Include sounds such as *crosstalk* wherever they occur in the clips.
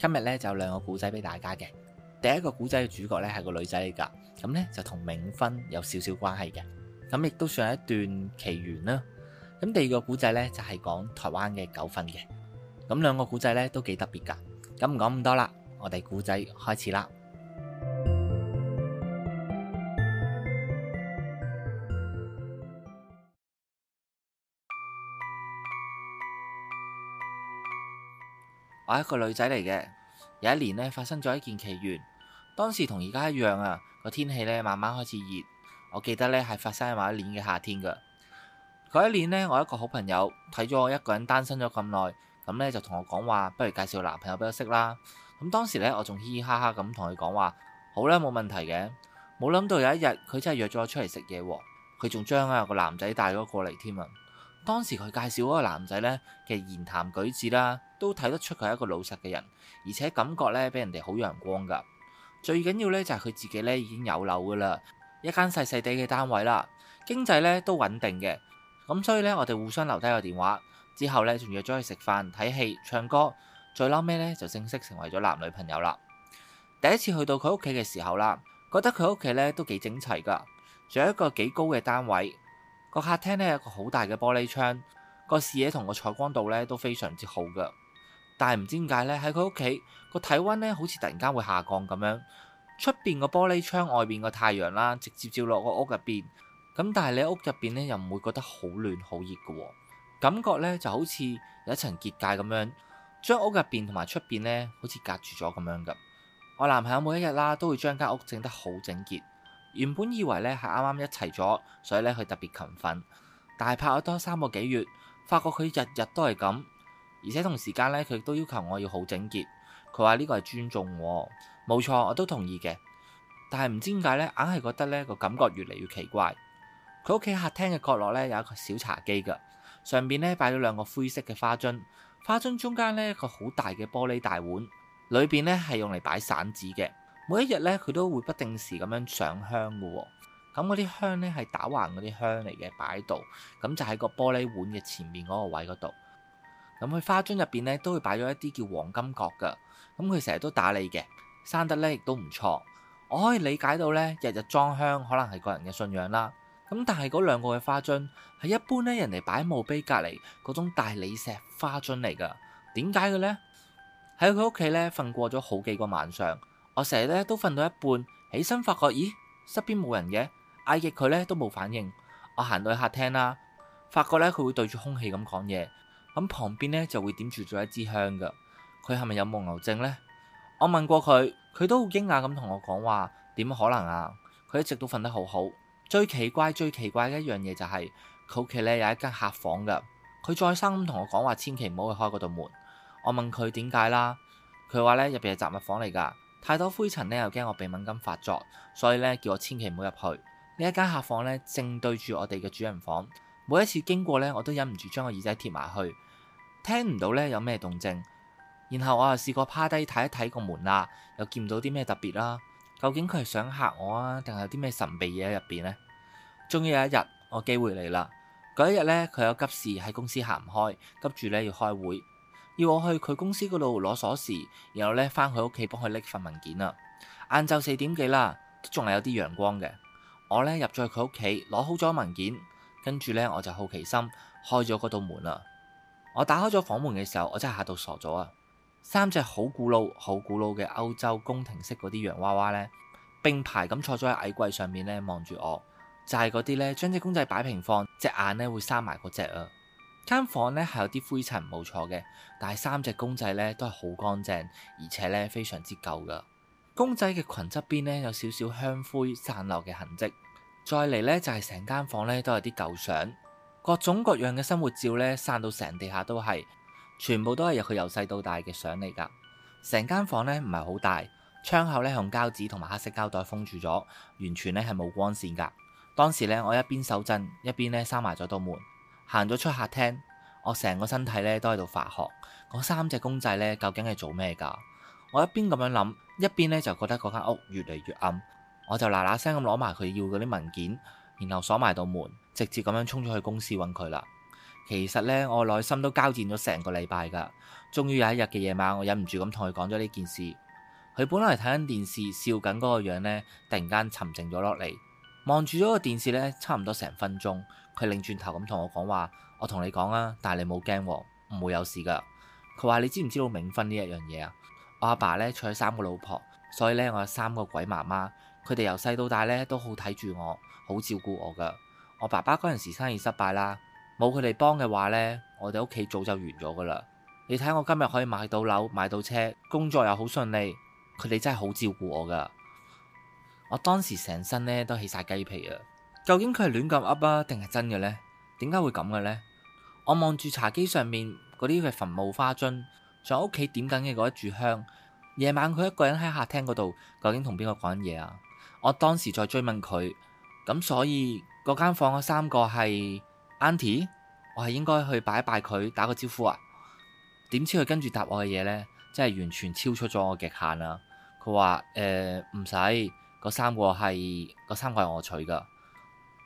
今日咧就有兩個古仔俾大家嘅，第一個古仔嘅主角咧係個女仔嚟噶，咁咧就同冥婚有少少關係嘅，咁亦都算係一段奇緣啦。咁第二個古仔咧就係講台灣嘅九份嘅，咁兩個古仔咧都幾特別噶，咁唔講咁多啦，我哋古仔開始啦。我係一個女仔嚟嘅。有一年咧，發生咗一件奇緣。當時同而家一樣啊，個天氣咧慢慢開始熱。我記得咧係發生喺某一年嘅夏天㗎。嗰一年咧，我一個好朋友睇咗我一個人單身咗咁耐，咁咧就同我講話，不如介紹男朋友俾我識啦。咁當時咧，我仲嘻嘻哈哈咁同佢講話，好啦，冇問題嘅。冇諗到有一日，佢真係約咗我出嚟食嘢喎，佢仲將嗰個男仔帶咗過嚟添啊！當時佢介紹嗰個男仔呢，其實言談舉止啦，都睇得出佢係一個老實嘅人，而且感覺呢俾人哋好陽光噶。最緊要呢，就係佢自己呢已經有樓噶啦，一間細細地嘅單位啦，經濟呢都穩定嘅。咁所以呢，我哋互相留低個電話之後呢，仲約咗去食飯、睇戲、唱歌，最撈尾呢，就正式成為咗男女朋友啦。第一次去到佢屋企嘅時候啦，覺得佢屋企呢都幾整齊噶，仲有一個幾高嘅單位。客廳個客廳咧有個好大嘅玻璃窗，個視野同個採光度咧都非常之好噶但係唔知點解咧，喺佢屋企個體溫咧好似突然間會下降咁樣。出邊個玻璃窗外邊個太陽啦，直接照落個屋入邊。咁但係你屋入邊咧又唔會覺得好暖好熱噶感覺咧就好似有一層結界咁樣，將屋入邊同埋出邊咧好似隔住咗咁樣噶我男朋友每一日啦都會將間屋得整得好整潔。原本以為咧係啱啱一齊咗，所以咧佢特別勤奮。但係拍咗多三個幾月，發覺佢日日都係咁，而且同時間咧佢都要求我要好整潔。佢話呢個係尊重我，冇錯，我都同意嘅。但係唔知點解咧，硬係覺得咧個感覺越嚟越奇怪。佢屋企客廳嘅角落咧有一個小茶几㗎，上邊咧擺咗兩個灰色嘅花樽，花樽中間呢，一個好大嘅玻璃大碗，裏邊呢係用嚟擺散紙嘅。每一日咧，佢都會不定時咁樣上香嘅喎、哦。咁嗰啲香咧係打橫嗰啲香嚟嘅，擺喺度咁就喺個玻璃碗嘅前面嗰個位嗰度。咁佢花樽入邊咧都會擺咗一啲叫黃金角㗎。咁佢成日都打理嘅，生得咧亦都唔錯。我可以理解到咧，日日裝香可能係個人嘅信仰啦。咁但係嗰兩個嘅花樽係一般咧，人哋擺墓碑隔離嗰種大理石花樽嚟㗎。點解嘅呢？喺佢屋企咧瞓過咗好幾個晚上。我成日咧都瞓到一半，起身發覺咦，身邊冇人嘅，嗌極佢咧都冇反應。我行到去客廳啦，發覺咧佢會對住空氣咁講嘢，咁旁邊咧就會點住咗一支香噶。佢係咪有夢遊症呢？我問過佢，佢都好驚訝咁同我講話點可能啊？佢一直都瞓得好好，最奇怪最奇怪嘅一樣嘢就係佢屋企咧有一間客房噶，佢再三咁同我講話，千祈唔好去開嗰道門。我問佢點解啦？佢話咧入邊係雜物房嚟噶。太多灰塵咧，又驚我鼻敏感發作，所以呢，叫我千祈唔好入去。呢一間客房咧，正對住我哋嘅主人房。每一次經過呢，我都忍唔住將個耳仔貼埋去，聽唔到呢有咩動靜。然後我又試過趴低睇一睇個門罅，又見唔到啲咩特別啦。究竟佢係想嚇我啊，定係有啲咩神秘嘢喺入邊呢？終於有一日，我機會嚟啦。嗰一日呢，佢有急事喺公司行唔開，急住呢要開會。要我去佢公司嗰度攞鎖匙，然後咧返佢屋企幫佢拎份文件啊，晏晝四點幾啦，仲係有啲陽光嘅。我咧入咗佢屋企，攞好咗文件，跟住咧我就好奇心開咗嗰道門啦。我打開咗房門嘅時候，我真係吓到傻咗啊！三隻好古老、好古老嘅歐洲宮廷式嗰啲洋娃娃咧，並排咁坐咗喺矮櫃上面咧望住我，就係嗰啲咧將隻公仔擺平放，隻眼咧會閂埋嗰隻啊！間房咧係有啲灰塵冇錯嘅，但係三隻公仔咧都係好乾淨，而且咧非常之舊噶。公仔嘅裙側邊咧有少少香灰散落嘅痕跡。再嚟咧就係成間房咧都有啲舊相，各種各樣嘅生活照咧散到成地下都係，全部都係由佢由細到大嘅相嚟噶。成間房咧唔係好大，窗口咧用膠紙同埋黑色膠袋封住咗，完全咧係冇光線噶。當時咧我一邊手震，一邊咧閂埋咗道門。行咗出客廳，我成個身體咧都喺度發寒。嗰三隻公仔咧究竟係做咩㗎？我一邊咁樣諗，一邊咧就覺得嗰間屋越嚟越暗。我就嗱嗱聲咁攞埋佢要嗰啲文件，然後鎖埋道門，直接咁樣衝咗去公司揾佢啦。其實咧，我內心都交戰咗成個禮拜㗎。終於有一日嘅夜晚，我忍唔住咁同佢講咗呢件事。佢本來睇緊電視，笑緊嗰個樣咧，突然間沉靜咗落嚟，望住咗個電視咧，差唔多成分鐘。佢擰轉頭咁同我講話，我同你講啊，但係你冇驚，唔會有事噶佢話你知唔知道冥婚呢一樣嘢啊？我阿爸咧娶咗三個老婆，所以咧我有三個鬼媽媽，佢哋由細到大咧都好睇住我，好照顧我噶我爸爸嗰陣時生意失敗啦，冇佢哋幫嘅話呢，我哋屋企早就完咗噶啦。你睇我今日可以買到樓、買到車，工作又好順利，佢哋真係好照顧我噶我當時成身咧都起晒雞皮啊！究竟佢係亂咁 up 啊，定係真嘅呢？點解會咁嘅呢？我望住茶幾上面嗰啲嘅墳墓花樽，仲有屋企點緊嘅嗰一炷香。夜晚佢一個人喺客廳嗰度，究竟同邊個講嘢啊？我當時再追問佢咁，所以嗰間房嗰三個係 Auntie，我係應該去拜一拜佢，打個招呼啊？點知佢跟住答我嘅嘢呢，真係完全超出咗我極限啦、啊。佢話誒，唔使嗰三個係嗰三個係我娶㗎。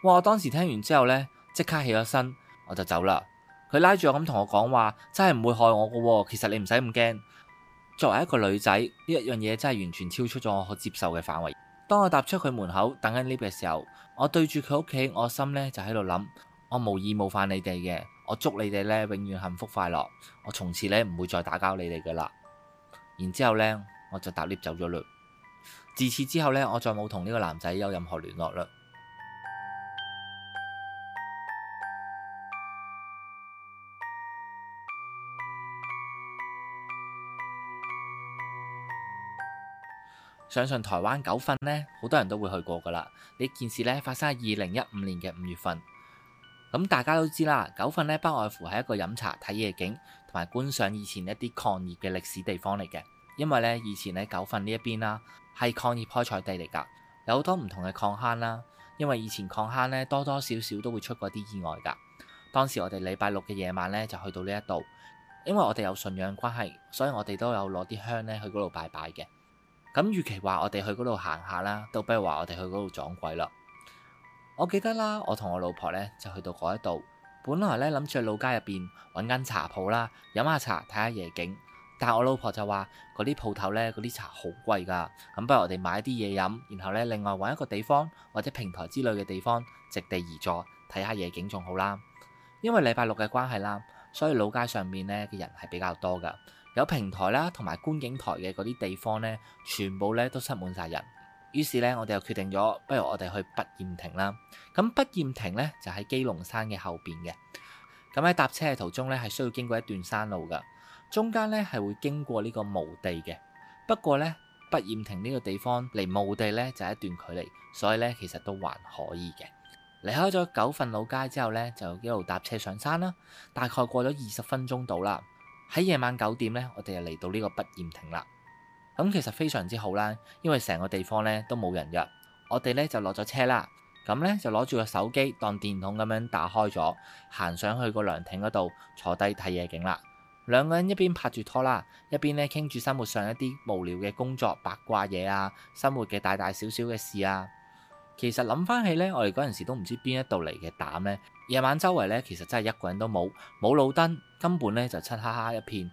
我當時聽完之後呢，即刻起咗身，我就走啦。佢拉住我咁同我講話，真係唔會害我噶。其實你唔使咁驚。作為一個女仔，呢一樣嘢真係完全超出咗我可接受嘅範圍。當我踏出佢門口等緊 lift 嘅時候，我對住佢屋企，我心呢就喺度諗：我無意冒犯你哋嘅，我祝你哋呢永遠幸福快樂。我從此呢唔會再打擾你哋噶啦。然之後呢，我就搭 lift 走咗嘞。自此之後呢，我再冇同呢個男仔有任何聯絡嘞。相信台灣九份呢，好多人都會去過㗎喇。呢件事呢，發生喺二零一五年嘅五月份。咁大家都知啦，九份呢不外乎係一個飲茶、睇夜景同埋觀賞以前一啲礦業嘅歷史地方嚟嘅。因為呢，以前呢九份呢一邊啦係礦業開採地嚟㗎，有好多唔同嘅礦坑啦。因為以前礦坑呢，多多少少都會出過啲意外㗎。當時我哋禮拜六嘅夜晚呢，就去到呢一度，因為我哋有信仰關係，所以我哋都有攞啲香呢去嗰度拜拜嘅。咁與其話我哋去嗰度行下啦，都不如話我哋去嗰度撞鬼咯。我記得啦，我同我老婆呢就去到嗰一度，本來呢，諗住去老街入邊揾間茶鋪啦，飲下茶睇下夜景，但我老婆就話嗰啲鋪頭呢，嗰啲茶好貴噶，咁不如我哋買啲嘢飲，然後呢，另外揾一個地方或者平台之類嘅地方，席地而坐睇下夜景仲好啦。因為禮拜六嘅關係啦，所以老街上面呢嘅人係比較多噶。有平台啦，同埋觀景台嘅嗰啲地方呢，全部呢都塞滿晒人。於是呢，我哋又決定咗，不如我哋去不厭亭啦。咁不厭亭呢，就喺基隆山嘅後邊嘅。咁喺搭車嘅途中呢，係需要經過一段山路噶，中間呢，係會經過呢個墓地嘅。不過呢，不厭亭呢個地方離墓地呢就係一段距離，所以呢，其實都還可以嘅。離開咗九份老街之後呢，就一路搭車上山啦。大概過咗二十分鐘到啦。喺夜晚九點呢，我哋就嚟到呢個不厭亭啦。咁其實非常之好啦，因為成個地方呢都冇人嘅。我哋呢就落咗車啦，咁呢就攞住個手機當電筒咁樣打開咗，行上去個涼亭嗰度坐低睇夜景啦。兩個人一邊拍住拖啦，一邊咧傾住生活上一啲無聊嘅工作八卦嘢啊，生活嘅大大小小嘅事啊。其實諗翻起呢，我哋嗰陣時都唔知邊一度嚟嘅膽咧。夜晚周圍咧，其實真係一個人都冇，冇路燈，根本咧就漆黑黑一片。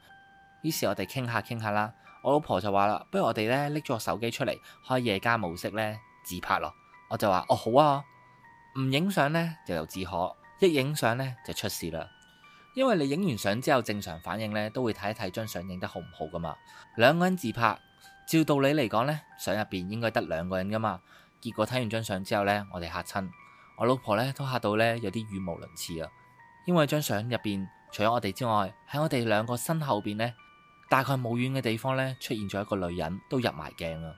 於是我哋傾下傾下啦，我老婆就話啦，不如我哋咧拎咗手機出嚟，開夜間模式咧自拍咯。我就話哦好啊，唔影相咧就由自可，一影相咧就出事啦。因為你影完相之後正常反應咧，都會睇一睇張相影得好唔好噶嘛。兩個人自拍，照道理嚟講咧，相入邊應該得兩個人噶嘛。結果睇完張相之後咧，我哋嚇親。我老婆咧都嚇到咧有啲語無倫次啊！因為張相入邊，除咗我哋之外，喺我哋兩個身後邊呢，大概冇遠嘅地方呢，出現咗一個女人，入都入埋鏡啊。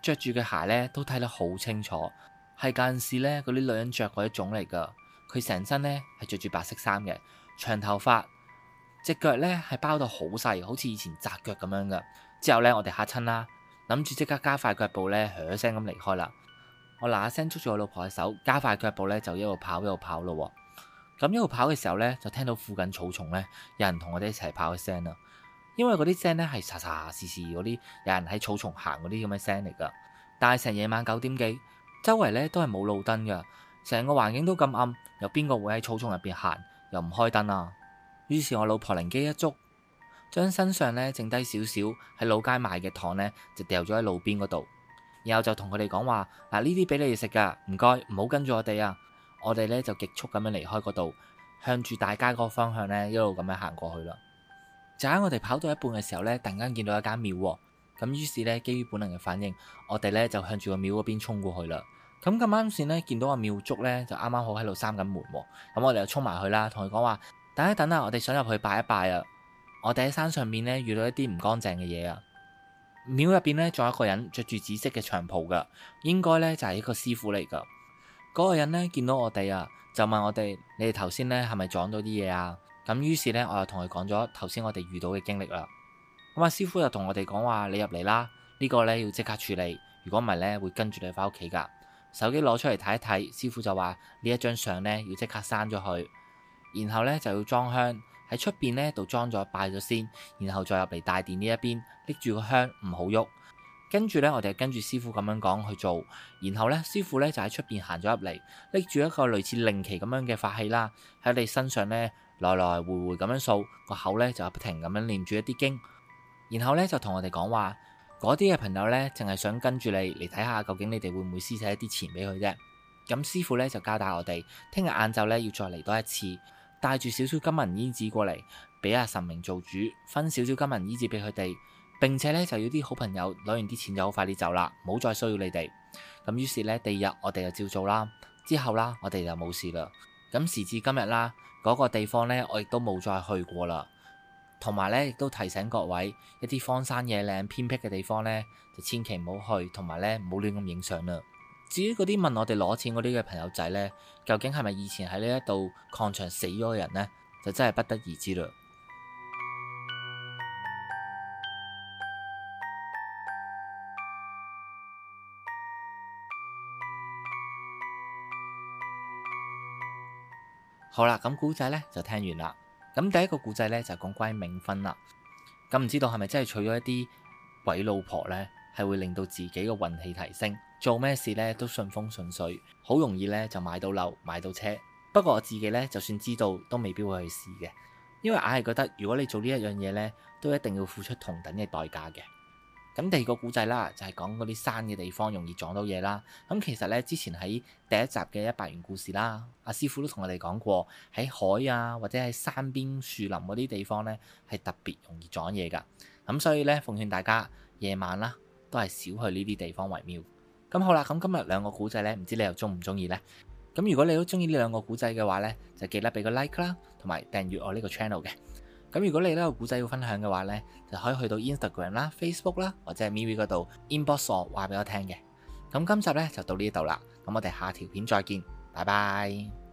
着住嘅鞋呢都睇得好清楚，係嗰陣時咧嗰啲女人着嗰一種嚟噶。佢成身呢係着住白色衫嘅，長頭髮，隻腳呢係包到好細，好似以前紮腳咁樣噶。之後呢，我哋嚇親啦，諗住即刻加快腳步咧，噓一聲咁離開啦。我嗱嗱聲捉住我老婆嘅手，加快腳步咧就一路跑一路跑咯。咁一路跑嘅時候咧，就聽到附近草叢咧有人同我哋一齊跑嘅聲啦。因為嗰啲聲咧係查查時時嗰啲，有人喺草叢行嗰啲咁嘅聲嚟噶。但係成夜晚九點幾，周圍咧都係冇路燈嘅，成個環境都咁暗，有邊個會喺草叢入邊行又唔開燈啊？於是我老婆靈機一觸，將身上咧剩低少少喺老街買嘅糖咧就掉咗喺路邊嗰度。然後就同佢哋講話，嗱，呢啲俾你哋食噶，唔該，唔好跟住我哋啊！我哋呢就極速咁樣離開嗰度，向住大街嗰個方向呢一路咁樣行過去啦。就喺我哋跑到一半嘅時候呢，突然間見到一間廟，咁於是呢，基於本能嘅反應，我哋呢就向住個廟嗰邊衝過去啦。咁咁啱先呢，見到個廟祝呢，就啱啱好喺度閂緊門，咁我哋就衝埋去啦，同佢講話：等一等啊，我哋想入去拜一拜啊！我哋喺山上面呢，遇到一啲唔乾淨嘅嘢啊！廟入邊呢，仲有一個人着住紫色嘅長袍噶，應該呢，就係一個師傅嚟噶。嗰個人呢，見到我哋啊，就問我哋：你哋頭先呢，係咪撞到啲嘢啊？咁於是呢，我又同佢講咗頭先我哋遇到嘅經歷啦。咁啊，師傅又同我哋講話：你入嚟啦，呢個呢，要即刻處理，如果唔係呢，會跟住你返屋企噶。手機攞出嚟睇一睇，師傅就話呢一張相呢，要即刻刪咗佢。然後呢，就要裝香。喺出邊呢度裝咗拜咗先，然後再入嚟大殿呢一邊，拎住個香唔好喐。跟住呢，我哋跟住師傅咁樣講去做，然後呢，師傅呢就喺出邊行咗入嚟，拎住一個類似令旗咁樣嘅法器啦，喺你身上呢來來回回咁樣掃，個口呢就不停咁樣唸住一啲經，然後呢，就同我哋講話，嗰啲嘅朋友呢，淨係想跟住你嚟睇下究竟你哋會唔會施捨一啲錢俾佢啫。咁、嗯、師傅呢就交代我哋，聽日晏晝呢要再嚟多一次。帶住少少金銀衣紙過嚟，俾阿神明做主，分少少金銀衣紙俾佢哋，並且咧就要啲好朋友攞完啲錢就好快啲走啦，唔好再需要你哋。咁於是咧，第二日我哋就照做啦，之後啦，我哋就冇事啦。咁時至今日啦，嗰個地方咧，我亦都冇再去過啦，同埋咧亦都提醒各位，一啲荒山野嶺偏僻嘅地方咧，就千祈唔好去，同埋咧唔好亂咁影相啊！至於嗰啲問我哋攞錢嗰啲嘅朋友仔呢，究竟係咪以前喺呢一度礦場死咗嘅人呢？就真係不得而知啦。 *music* 好啦，咁古仔呢就聽完啦。咁第一個古仔呢，就講關於冥婚啦。咁唔知道係咪真係娶咗一啲鬼老婆呢，係會令到自己嘅運氣提升？做咩事咧，都順風順水，好容易咧就買到樓，買到車。不過我自己咧，就算知道，都未必會去試嘅，因為硬係覺得如果你做呢一樣嘢咧，都一定要付出同等嘅代價嘅。咁第二個古仔啦，就係講嗰啲山嘅地方容易撞到嘢啦。咁其實咧，之前喺第一集嘅一百元故事啦，阿師傅都同我哋講過，喺海啊或者喺山邊樹林嗰啲地方咧，係特別容易撞嘢噶。咁所以咧，奉勸大家夜晚啦都係少去呢啲地方為妙。咁好啦，咁今日兩個古仔呢，唔知你又中唔中意呢？咁如果你都中意呢兩個古仔嘅話呢，就記得俾個 like 啦，同埋訂閱我呢個 channel 嘅。咁如果你都有古仔要分享嘅話呢，就可以去到 Instagram 啦、Facebook 啦或者係 MeWe 嗰度 inbox 我，話俾我聽嘅。咁今集呢，就到呢度啦，咁我哋下條片再見，拜拜。